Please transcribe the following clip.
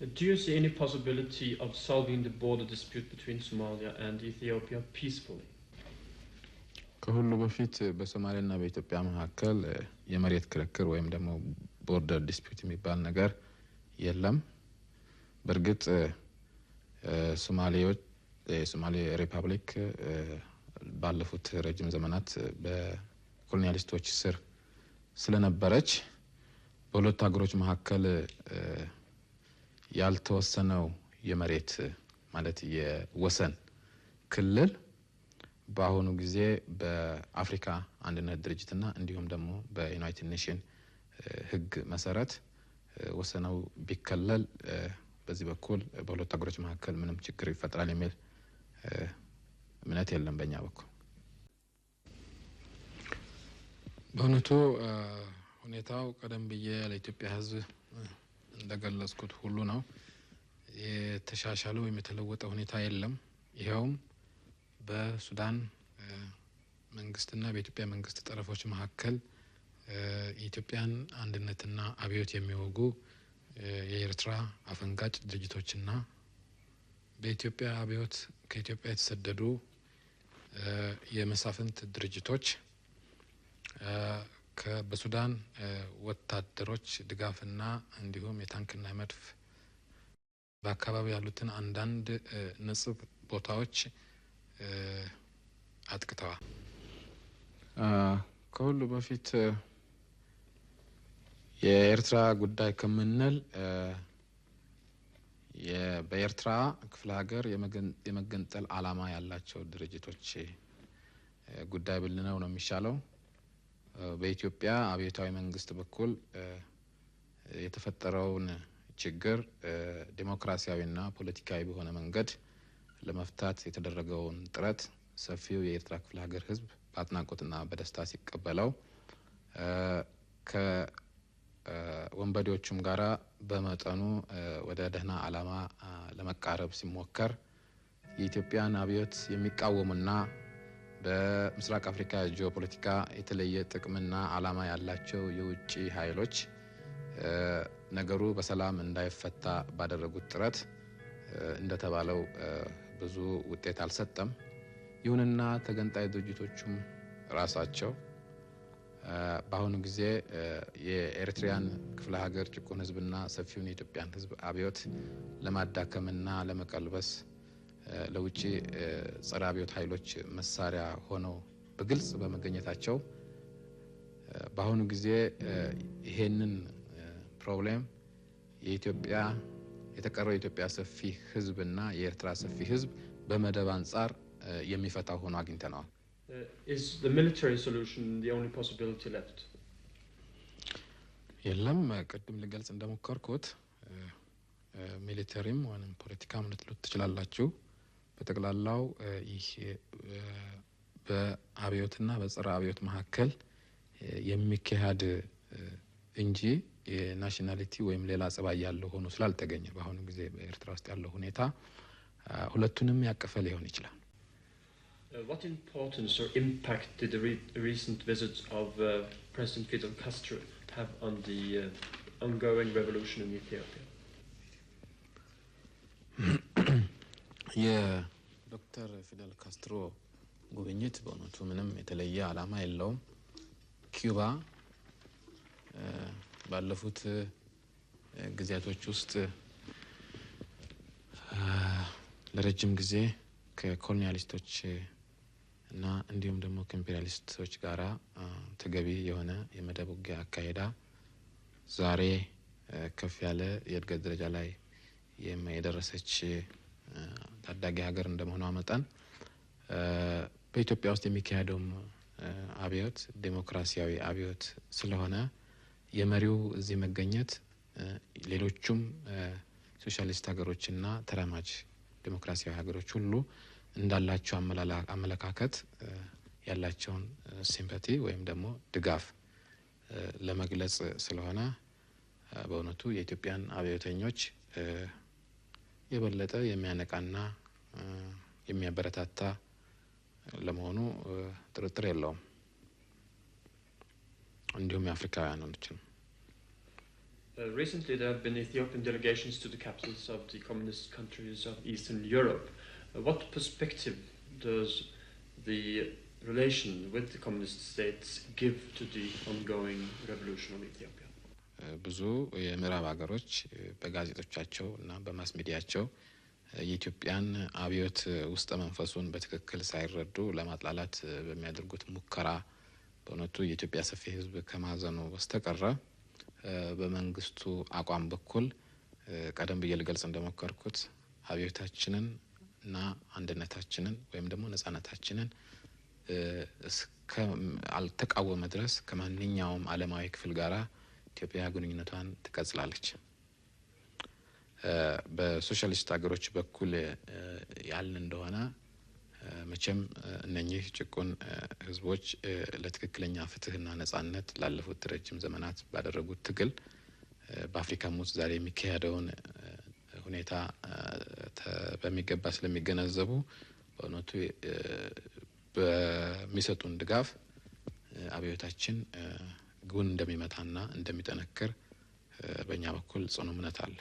Do you see any possibility of solving the border dispute between Somalia and Ethiopia peacefully? ከሁሉ በፊት በሶማሊያና በኢትዮጵያ መካከል የመሬት ክርክር ወይም ደግሞ ቦርደር ዲስፒዩት የሚባል ነገር የለም። በእርግጥ ሶማሌዎች የሶማሌ ሪፐብሊክ ባለፉት ረጅም ዘመናት በኮሎኒያሊስቶች ስር ስለነበረች በሁለቱ ሀገሮች መካከል ያልተወሰነው የመሬት ማለት የወሰን ክልል በአሁኑ ጊዜ በአፍሪካ አንድነት ድርጅትና እንዲሁም ደግሞ በዩናይትድ ኔሽን ህግ መሰረት ወሰነው ቢከለል በዚህ በኩል በሁለቱ ሀገሮች መካከል ምንም ችግር ይፈጥራል የሚል እምነት የለም በእኛ በኩል። በእውነቱ ሁኔታው ቀደም ብዬ ለኢትዮጵያ ህዝብ እንደገለጽኩት ሁሉ ነው። የተሻሻለ ወይም የተለወጠ ሁኔታ የለም። ይኸውም በሱዳን መንግስትና በኢትዮጵያ መንግስት ጠረፎች መካከል የኢትዮጵያን አንድነትና አብዮት የሚወጉ የኤርትራ አፈንጋጭ ድርጅቶችና በኢትዮጵያ አብዮት ከኢትዮጵያ የተሰደዱ የመሳፍንት ድርጅቶች በሱዳን ወታደሮች ድጋፍና እንዲሁም የታንክና መድፍ በአካባቢው ያሉትን አንዳንድ ንጹህ ቦታዎች አጥቅተዋል። ከሁሉ በፊት የኤርትራ ጉዳይ ከምንል በኤርትራ ክፍለ ሀገር የመገንጠል ዓላማ ያላቸው ድርጅቶች ጉዳይ ብልነው ነው የሚሻለው። በኢትዮጵያ አብዮታዊ መንግስት በኩል የተፈጠረውን ችግር ዴሞክራሲያዊና ፖለቲካዊ በሆነ መንገድ ለመፍታት የተደረገውን ጥረት ሰፊው የኤርትራ ክፍለ ሀገር ህዝብ በአድናቆትና በደስታ ሲቀበለው ከወንበዴዎቹም ጋራ በመጠኑ ወደ ደህና አላማ ለመቃረብ ሲሞከር የኢትዮጵያን አብዮት የሚቃወሙና በምስራቅ አፍሪካ ጂኦፖለቲካ የተለየ ጥቅምና ዓላማ ያላቸው የውጭ ኃይሎች ነገሩ በሰላም እንዳይፈታ ባደረጉት ጥረት እንደተባለው ብዙ ውጤት አልሰጠም። ይሁንና ተገንጣይ ድርጅቶቹም ራሳቸው በአሁኑ ጊዜ የኤርትሪያን ክፍለ ሀገር ጭቁን ህዝብና ሰፊውን የኢትዮጵያን ህዝብ አብዮት ለማዳከምና ለመቀልበስ ለውጭ ጸረ አብዮት ኃይሎች መሳሪያ ሆነው በግልጽ በመገኘታቸው በአሁኑ ጊዜ ይሄንን ፕሮብሌም የኢትዮጵያ የተቀረው የኢትዮጵያ ሰፊ ህዝብና የኤርትራ ሰፊ ህዝብ በመደብ አንጻር የሚፈታ ሆኖ አግኝተነዋል። የለም ቅድም ልገልጽ እንደሞከርኩት ሚሊተሪም ወይም ፖለቲካም ልትሉት ትችላላችሁ። በጠቅላላው ይህ በአብዮትና በጸረ አብዮት መካከል የሚካሄድ እንጂ የናሽናሊቲ ወይም ሌላ ጸባይ ያለው ሆኖ ስላልተገኘ በአሁኑ ጊዜ በኤርትራ ውስጥ ያለው ሁኔታ ሁለቱንም ያቀፈ ሊሆን ይችላል። What importance or impact did the re recent visits of uh, President Fidel Castro have on the uh, ongoing revolution in Ethiopia? የዶክተር ፊደል ካስትሮ ጉብኝት በእውነቱ ምንም የተለየ አላማ የለውም። ኪዩባ ባለፉት ጊዜያቶች ውስጥ ለረጅም ጊዜ ከኮሎኒያሊስቶች እና እንዲሁም ደግሞ ከኢምፔሪያሊስቶች ጋር ተገቢ የሆነ የመደብ ውጊያ አካሄዳ ዛሬ ከፍ ያለ የእድገት ደረጃ ላይ የደረሰች ታዳጊ ሀገር እንደመሆኗ መጠን በኢትዮጵያ ውስጥ የሚካሄደውም አብዮት ዴሞክራሲያዊ አብዮት ስለሆነ የመሪው እዚህ መገኘት ሌሎቹም ሶሻሊስት ሀገሮችና ተራማጅ ዴሞክራሲያዊ ሀገሮች ሁሉ እንዳላቸው አመለካከት ያላቸውን ሲምፐቲ ወይም ደግሞ ድጋፍ ለመግለጽ ስለሆነ በእውነቱ የኢትዮጵያን አብዮተኞች የበለጠ የሚያነቃና የሚያበረታታ ለመሆኑ ጥርጥር የለውም። እንዲሁም የአፍሪካውያኖችን uh, Recently, there have been Ethiopian delegations to the capitals of the communist countries of Eastern Europe. Uh, what perspective does the relation with the communist states give to the ongoing revolution of Ethiopia? ብዙ የምዕራብ ሀገሮች በጋዜጦቻቸው እና በማስ ሚዲያቸው የኢትዮጵያን አብዮት ውስጠ መንፈሱን በትክክል ሳይረዱ ለማጥላላት በሚያደርጉት ሙከራ በእውነቱ የኢትዮጵያ ሰፊ ሕዝብ ከማዘኑ በስተቀረ በመንግስቱ አቋም በኩል ቀደም ብዬ ልገልጽ እንደሞከርኩት አብዮታችንን እና አንድነታችንን ወይም ደግሞ ነጻነታችንን እስከ አልተቃወመ ድረስ ከማንኛውም ዓለማዊ ክፍል ጋራ ኢትዮጵያ ግንኙነቷን ትቀጽላለች። በሶሻሊስት ሀገሮች በኩል ያልን እንደሆነ መቼም እነኚህ ጭቁን ህዝቦች ለትክክለኛ ፍትህና ነጻነት ላለፉት ረጅም ዘመናት ባደረጉት ትግል በአፍሪካም ውስጥ ዛሬ የሚካሄደውን ሁኔታ በሚገባ ስለሚገነዘቡ በእውነቱ በሚሰጡን ድጋፍ አብዮታችን ጉን እንደሚመታና እንደሚጠነክር በእኛ በኩል ጽኑ እምነት አለ።